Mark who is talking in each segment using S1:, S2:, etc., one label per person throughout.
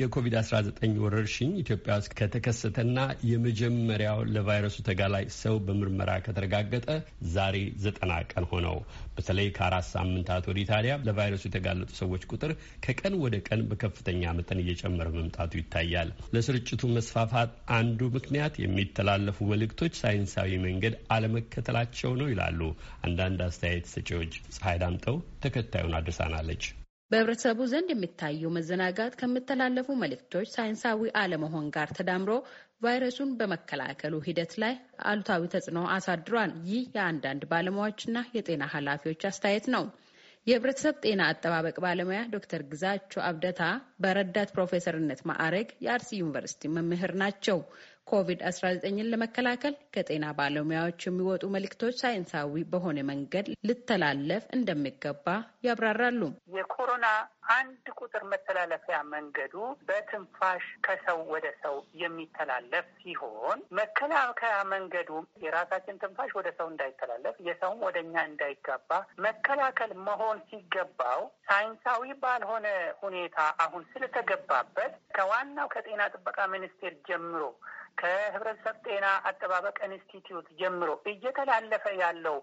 S1: የኮቪድ-19 ወረርሽኝ ኢትዮጵያ ውስጥ ከተከሰተና የመጀመሪያው ለቫይረሱ ተጋላጭ ሰው በምርመራ ከተረጋገጠ ዛሬ ዘጠና ቀን ሆነው። በተለይ ከአራት ሳምንታት ወዲህ ታዲያ ለቫይረሱ የተጋለጡ ሰዎች ቁጥር ከቀን ወደ ቀን በከፍተኛ መጠን እየጨመረ መምጣቱ ይታያል። ለስርጭቱ መስፋፋት አንዱ ምክንያት የሚተላለፉ መልእክቶች ሳይንሳዊ መንገድ አለመከተላቸው ነው ይላሉ አንዳንድ አስተያየት ሰጪዎች። ፀሐይ ዳምጠው ተከታዩን አድርሳናለች።
S2: በህብረተሰቡ ዘንድ የሚታየው መዘናጋት ከሚተላለፉ መልእክቶች ሳይንሳዊ አለመሆን ጋር ተዳምሮ ቫይረሱን በመከላከሉ ሂደት ላይ አሉታዊ ተጽዕኖ አሳድሯል። ይህ የአንዳንድ ባለሙያዎችና የጤና ኃላፊዎች አስተያየት ነው። የህብረተሰብ ጤና አጠባበቅ ባለሙያ ዶክተር ግዛቸው አብደታ በረዳት ፕሮፌሰርነት ማዕረግ የአርሲ ዩኒቨርሲቲ መምህር ናቸው። ኮቪድ-19ን ለመከላከል ከጤና ባለሙያዎች የሚወጡ መልእክቶች ሳይንሳዊ በሆነ መንገድ ልተላለፍ እንደሚገባ ያብራራሉ።
S3: የኮሮና አንድ ቁጥር መተላለፊያ መንገዱ በትንፋሽ ከሰው ወደ ሰው የሚተላለፍ ሲሆን መከላከያ መንገዱ የራሳችን ትንፋሽ ወደ ሰው እንዳይተላለፍ፣ የሰውም ወደ እኛ እንዳይጋባ መከላከል መሆን ሲገባው ሳይንሳዊ ባልሆነ ሁኔታ አሁን ስለተገባበት ከዋናው ከጤና ጥበቃ ሚኒስቴር ጀምሮ ከህብረተሰብ ጤና አጠባበቅ ኢንስቲትዩት ጀምሮ እየተላለፈ ያለው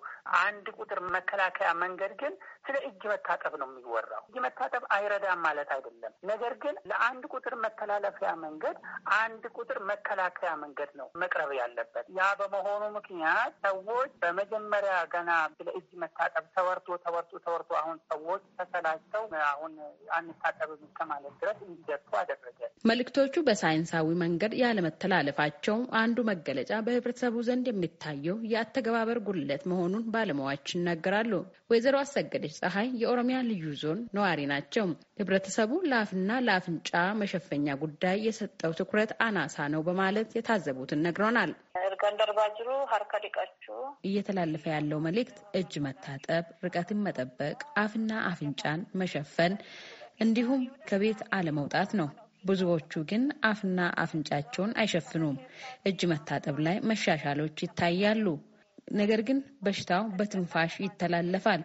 S3: አንድ ቁጥር መከላከያ መንገድ ግን ስለ እጅ መታጠብ ነው የሚወራው። እጅ መታጠብ አይረዳም ማለት አይደለም። ነገር ግን ለአንድ ቁጥር መተላለፊያ መንገድ አንድ ቁጥር መከላከያ መንገድ ነው መቅረብ ያለበት። ያ በመሆኑ ምክንያት ሰዎች በመጀመሪያ ገና ስለ እጅ መታጠብ ተወርቶ ተወርቶ ተወርቶ አሁን ሰዎች ተሰላቸው አሁን አንታጠብም እስከ ድረስ እንዲደርሱ
S2: አደረገ። መልእክቶቹ በሳይንሳዊ መንገድ ያለመተላለፋቸው አንዱ መገለጫ በህብረተሰቡ ዘንድ የሚታየው የአተገባበር ጉድለት መሆኑን ባለሙያዎች ይናገራሉ። ወይዘሮ አሰገደች ፀሐይ የኦሮሚያ ልዩ ዞን ነዋሪ ናቸው። ህብረተሰቡ ለአፍና ለአፍንጫ መሸፈኛ ጉዳይ የሰጠው ትኩረት አናሳ ነው በማለት የታዘቡትን ነግረናል። እየተላለፈ ያለው መልእክት እጅ መታጠብ፣ ርቀትን መጠበቅ፣ አፍና አፍንጫን መሸፈን እንዲሁም ከቤት አለመውጣት ነው። ብዙዎቹ ግን አፍና አፍንጫቸውን አይሸፍኑም። እጅ መታጠብ ላይ መሻሻሎች ይታያሉ። ነገር ግን በሽታው በትንፋሽ ይተላለፋል።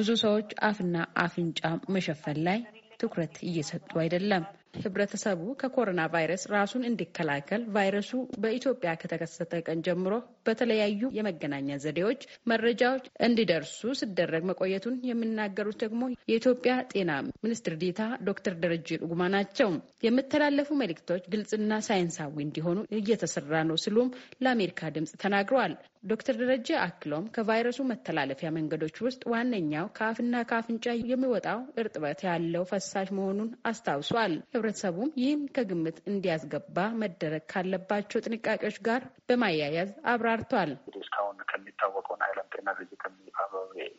S2: ብዙ ሰዎች አፍና አፍንጫ መሸፈን ላይ ትኩረት እየሰጡ አይደለም። ህብረተሰቡ ከኮሮና ቫይረስ ራሱን እንዲከላከል ቫይረሱ በኢትዮጵያ ከተከሰተ ቀን ጀምሮ በተለያዩ የመገናኛ ዘዴዎች መረጃዎች እንዲደርሱ ሲደረግ መቆየቱን የሚናገሩት ደግሞ የኢትዮጵያ ጤና ሚኒስትር ዴታ ዶክተር ደረጀ ዱጉማ ናቸው። የሚተላለፉ መልእክቶች ግልጽና ሳይንሳዊ እንዲሆኑ እየተሰራ ነው ሲሉም ለአሜሪካ ድምጽ ተናግረዋል። ዶክተር ደረጀ አክሎም ከቫይረሱ መተላለፊያ መንገዶች ውስጥ ዋነኛው ከአፍና ከአፍንጫ የሚወጣው እርጥበት ያለው ፈሳሽ መሆኑን አስታውሷል። ህብረተሰቡም ይህን ከግምት እንዲያስገባ መደረግ ካለባቸው ጥንቃቄዎች ጋር በማያያዝ አብራርቷል።
S4: እስካሁን ከሚታወቀው ሀይለምጤና ዝግት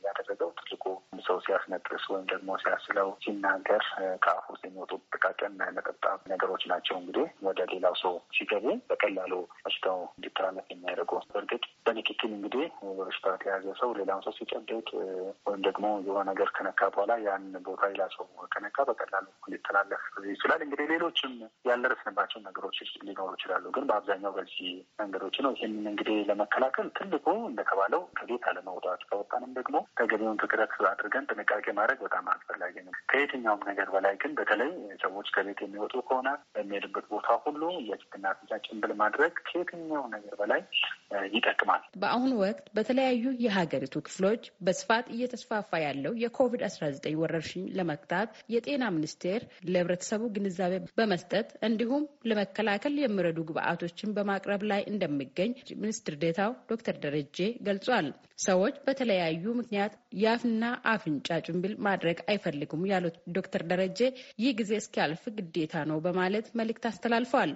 S4: ያደረገው ትልቁ ሰው ሲያስነጥስ ወይም ደግሞ ሲያስለው ሲናገር ከአፉ የሚወጡ ጥቃቅን የመጠጣ ነገሮች ናቸው። እንግዲህ ወደ ሌላው ሰው ሲገቡ በቀላሉ በሽታው እንዲተላለፍ የሚያደርጉ በእርግጥ በንክኪል እንግዲህ በበሽታ ተያዘ ሰው ሌላውን ሰው ሲጨብጥ ወይም ደግሞ የሆነ ነገር ከነካ በኋላ ያን ቦታ ሌላ ሰው ከነካ በቀላሉ እንዲተላለፍ ይችላል። እንግዲህ ሌሎችም ያልደረስንባቸው ነገሮች ሊኖሩ ይችላሉ፣ ግን በአብዛኛው በዚህ መንገዶች ነው። ይህንን እንግዲህ ለመከላከል ትልቁ እንደተባለው ከቤት አለመውጣት፣ ከወጣንም ደግሞ ተገቢውን ትኩረት አድርገን ጥንቃቄ ማድረግ በጣም አስፈላጊ ነው። ከየትኛውም ነገር በላይ ግን በተለይ በተለይ ሰዎች ከቤት የሚወጡ ከሆነ የሚሄድበት ቦታ ሁሉ የፊትና አፍንጫ ጭንብል ማድረግ ከየትኛው ነገር በላይ
S2: ይጠቅማል። በአሁኑ ወቅት በተለያዩ የሀገሪቱ ክፍሎች በስፋት እየተስፋፋ ያለው የኮቪድ-19 ወረርሽኝ ለመግታት የጤና ሚኒስቴር ለህብረተሰቡ ግንዛቤ በመስጠት እንዲሁም ለመከላከል የሚረዱ ግብአቶችን በማቅረብ ላይ እንደሚገኝ ሚኒስትር ዴታው ዶክተር ደረጀ ገልጿል። ሰዎች በተለያዩ ምክንያት የአፍና አፍንጫ ጭንብል ማድረግ አይፈልጉም ያሉት ዶክተር ደረጀ ይህ ጊዜ እስኪያልፍ ግዴታ ነው በማለት መልእክት አስተላልፈዋል።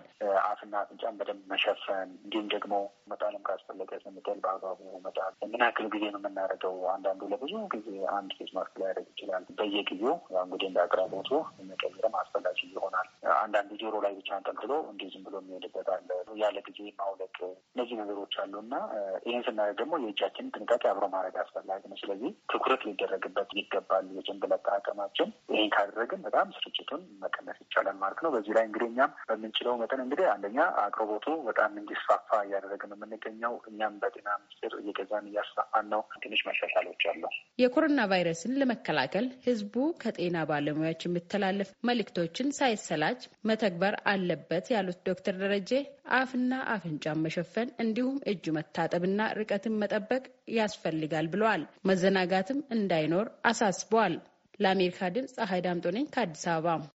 S4: አፍና አፍንጫን በደንብ መሸፈን እንዲሁም ደግሞ መጣለም ካስፈለገ ስንጥል በአግባቡ መጣል ምን ያክል ጊዜ ነው የምናደርገው? አንዳንዱ ለብዙ ጊዜ አንድ ፌስ ማስክ ሊያደርግ ይችላል። በየጊዜው እንግዲህ እንደ አቅራቦቱ መቀየርም አስፈላጊ ይሆናል። አንዳንዱ ጆሮ ላይ ብቻ አንጠልጥሎ እንዲህ ዝም ብሎ የሚሄድበት አለ። ያለ ጊዜ ማውለቅ፣ እነዚህ ነገሮች አሉ እና ይህን ስናደርግ ደግሞ የእጃችንን ጥንቃቄ አብሮ ማድረግ አስፈላጊ ነው። ስለዚህ ትኩረት ሊደረግበት ይገባል። የጭንብል አጠቃቀማችን ይህን ካደረግን በጣም ስርጭቱን መቀነስ ይቻላል ማለት ነው። በዚህ ላይ እንግዲህ እኛም በምንችለው መጠን እንግዲህ አንደኛ አቅርቦቱ በጣም እንዲስፋፋ እያደረግን የምንገ ሁለተኛው እኛም በጤና ሚኒስቴር እየገዛን እያስፋፋን ነው። ትንሽ መሻሻሎች አሉ።
S2: የኮሮና ቫይረስን ለመከላከል ህዝቡ ከጤና ባለሙያዎች የሚተላለፍ መልእክቶችን ሳይሰላች መተግበር አለበት ያሉት ዶክተር ደረጀ አፍና አፍንጫን መሸፈን እንዲሁም እጁ መታጠብና ርቀትን መጠበቅ ያስፈልጋል ብለዋል። መዘናጋትም እንዳይኖር አሳስበዋል። ለአሜሪካ ድምፅ ፀሐይ ዳምጦ ነኝ ከአዲስ አበባ።